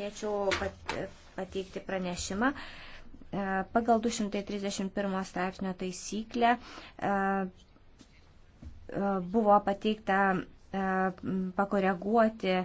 norėčiau pateikti pranešimą. E, pagal 231 straipsnio taisyklę e, e, buvo pateikta pakoreguoti